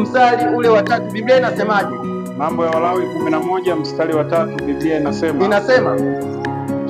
mstari ule wa tatu Biblia inasemaje? Mambo ya Walawi kumi na moja mstari wa tatu Biblia inasema inasema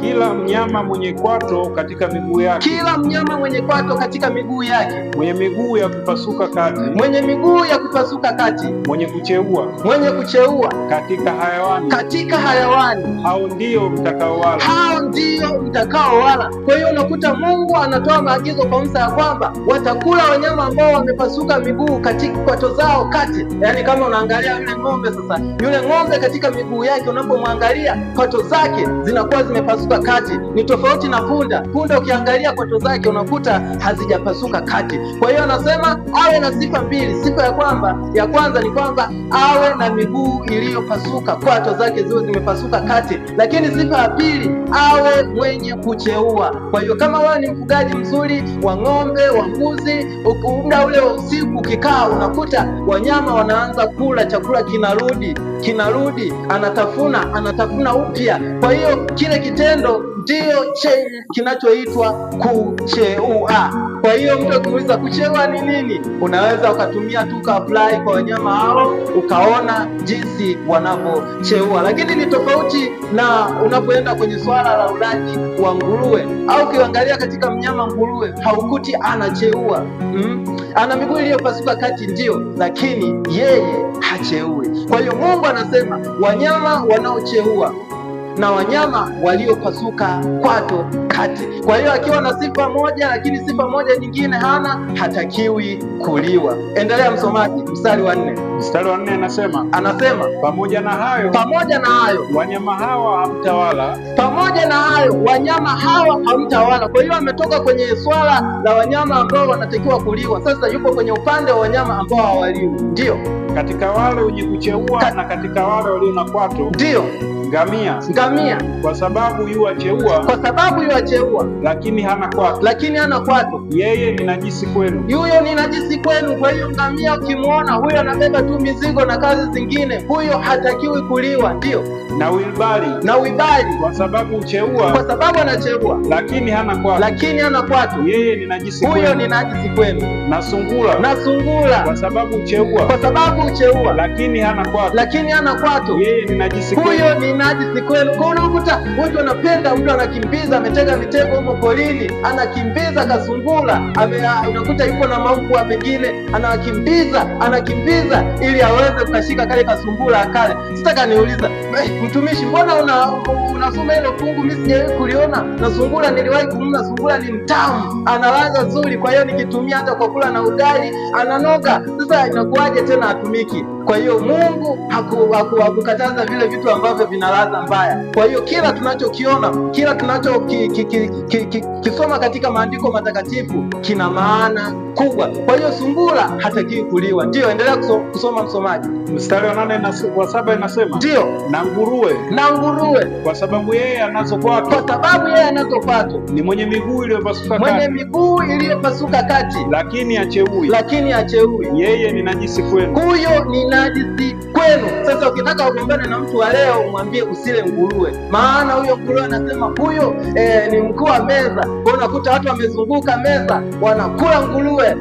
kila mnyama mwenye kwato katika miguu yake, kila mnyama mwenye kwato katika miguu yake, mwenye miguu ya kupasuka kati, mwenye miguu ya kupasuka kati, mwenye kucheua, mwenye kucheua katika hayawani, katika hayawani, hao ndio mtakaowala, hao ndio mtakaowala. Kwa hiyo unakuta Mungu anatoa maagizo kwa Musa ya kwamba watakula wanyama ambao wamepasuka miguu katika kwato zao kati. Yani kama unaangalia yule ng'ombe sasa, yule ng'ombe katika miguu yake, unapomwangalia kwato zake zinakuwa zimepasuka hazijapasuka kati, ni tofauti na punda. Punda ukiangalia kwato zake unakuta hazijapasuka kati. Kwa hiyo anasema awe na sifa mbili. Sifa ya kwamba ya kwanza ni kwamba awe na miguu iliyopasuka, kwato zake ziwe zimepasuka kati, lakini sifa ya pili awe mwenye kucheua. Kwa hiyo kama wewe ni mfugaji mzuri wa ng'ombe, wa mbuzi, muda ule wa usiku ukikaa, unakuta wanyama wanaanza kula, chakula kinarudi kinarudi, anatafuna, anatafuna upya. Kwa hiyo kile kitendo ndio chenye kinachoitwa kucheua. Kwa hiyo mtu akiuliza kucheua ni nini, unaweza ukatumia tu kaaplai kwa wanyama hao, ukaona jinsi wanavyocheua, lakini ni tofauti na unapoenda kwenye swala la ulaji wa nguruwe, au ukiangalia katika mnyama nguruwe haukuti anacheua mm? ana miguu iliyopasuka kati, ndio lakini yeye hacheui. Kwa hiyo Mungu anasema wanyama wanaocheua na wanyama waliopasuka kwato kati. Kwa hiyo akiwa na sifa moja lakini sifa moja nyingine hana, hatakiwi kuliwa. Endelea msomaji, mstari wa nne. Mstari wa nne anasema anasema, pamoja na hayo pamoja na hayo wanyama hawa hamtawala, pamoja na hayo wanyama hawa hamtawala. Kwa hiyo ametoka kwenye swala la wanyama ambao wanatakiwa kuliwa, sasa yupo kwenye upande wa wanyama ambao hawaliwi, ndio katika wale wenye kucheua Kat... na katika wale walio na kwato, ndio Ngamia. Ngamia. Kwa sababu yu acheua. Kwa sababu yu acheua. Lakini hana kwato. Lakini hana kwato. Yeye ni najisi kwenu. Yuyo ni najisi kwenu. Kwa hiyo ngamia ukimwona huyo anabeba tu mizigo na kazi zingine, huyo hatakiwi kuliwa, ndio. Na wilbali. Na wilbali. Kwa sababu ucheua. Kwa sababu anacheua. Lakini hana kwato. Lakini hana kwato. Yeye ni najisi kwenu. Huyo ni najisi kwenu. Na sungula Na sungula Kwa sababu ucheua. Kwa sababu ucheua. Lakini hana kwato. Lakini hana kwato. Yeye ni najisi kwenu. Huyo ni unajisi kwenu. Kwa unakuta mtu anapenda mtu anakimbiza, ametega mitego huko polini, anakimbiza kasungula, unakuta yuko na maumbwa mengine, anakimbiza anakimbiza ili aweze kukashika kale kasungula akale. Sitaka niuliza eh, mtumishi, mbona una unasoma hilo fungu? Mimi sijawahi kuliona na sungula, niliwahi kumla sungula, ni mtamu, analaza zuri, kwa hiyo nikitumia hata kwa kula na ugali ananoga. Sasa inakuwaje tena atumiki? Kwa hiyo Mungu hakukataza haku, vile vitu ambavyo vina ladha mbaya. Kwa hiyo kila tunachokiona, kila tunachokisoma ki, ki, ki, ki, katika maandiko matakatifu kina maana kubwa. Kwa hiyo sungura hatakiwi kuliwa. ndio endelea kusoma msomaji. Mstari wa nane na wa saba inasema ndio, na nguruwe na nguruwe, kwa sababu yeye anazo kwato, kwa sababu yeye anazo kwato, ni mwenye miguu iliyopasuka kati, mwenye miguu iliyopasuka kati, lakini acheui, lakini acheui, yeye ni najisi kwenu, huyo ni 1996 kwenu. Sasa ukitaka ugombane na mtu wa leo, umwambie usile nguruwe, maana huyo nguruwe anasema huyo e, ni mkuu wa meza. Kwa unakuta watu wamezunguka meza wanakula nguruwe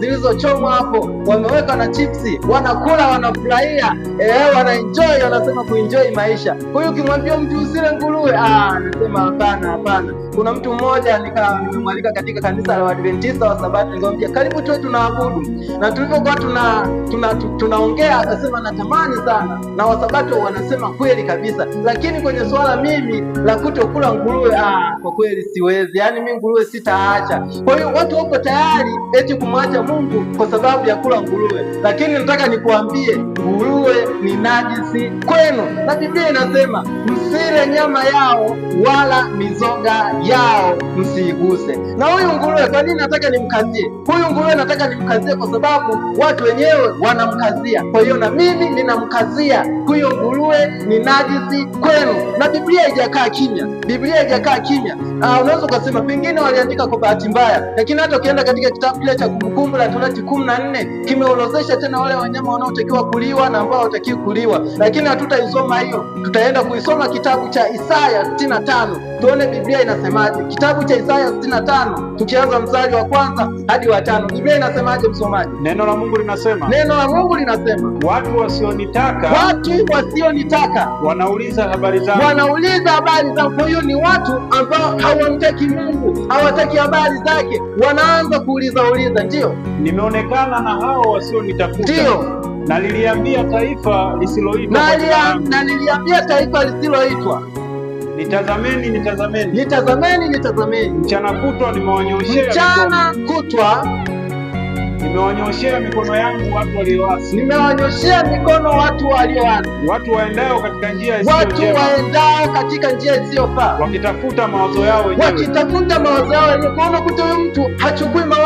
zilizochomwa hapo, wameweka na chipsi, wanakula wanafurahia, e, eh, wanaenjoy, wanasema kuenjoy maisha. Kwa hiyo ukimwambia mtu usile nguruwe, ah, anasema hapana, hapana. Kuna mtu mmoja nimemwalika katika kanisa la Waadventista wa Sabato, nikamwambia karibu tuwe tunaabudu, na tulivyokuwa tuna tunaongea tuna, tuna akasema wanatamani sana na Wasabato wanasema kweli kabisa, lakini kwenye suala mimi la kutokula nguruwe, ah, kwa kweli siwezi, yaani mi nguruwe sitaacha. Kwa hiyo watu wako tayari eti kumwacha Mungu kwa sababu ya kula nguruwe, lakini nataka nikuambie nguruwe ni najisi kwenu, na Biblia inasema msile nyama yao wala mizoga yao msiiguse. Na huyu nguruwe, kwa nini nataka nimkazie huyu nguruwe? Nataka nimkazie kwa sababu watu wenyewe wanamkazia, kwa hiyo na mimi ninamkazia huyo nguruwe ni najisi kwenu, na Biblia haijakaa kimya. Biblia haijakaa kimya. Uh, unaweza ukasema pengine waliandika kwa bahati mbaya, lakini hata ukienda katika kitabu kile cha Kumbukumbu la Torati kumi na nne kimeorozesha tena wale wanyama wanaotakiwa kuliwa na ambao hawatakiwi kuliwa, lakini hatutaisoma hiyo, tutaenda kuisoma kitabu cha Isaya sitini na tano tuone Biblia inasemaje. Kitabu cha Isaya sitini na tano tukianza mstari wa kwanza hadi wa tano Biblia inasemaje, msomaji? Neno la Mungu linasema, neno la Mungu linasema watu wa wasionitaka watu wasionitaka wanauliza habari zangu, wanauliza habari zangu. Kwa hiyo ni watu ambao hawamtaki Mungu, hawataki habari zake, wanaanza kuuliza uliza. Ndio nimeonekana na hao wasionitafuta. ndio na liliambia taifa lisiloitwa, na liliambia taifa lisiloitwa Nitazameni, nitazameni, nitazameni, nitazameni. Mchana kutwa nimewanyoshea mchana kutwa Nimewanyoshea mikono yangu watu walioasi, nimewanyoshea mikono watu walioasi, watu waendao katika njia isiyo watu waendao katika njia isiyofaa, wakitafuta mawazo yao wenyewe, wakitafuta mawazo yao wenyewe. Kwa Unakuta huyu mtu hachukui mawazo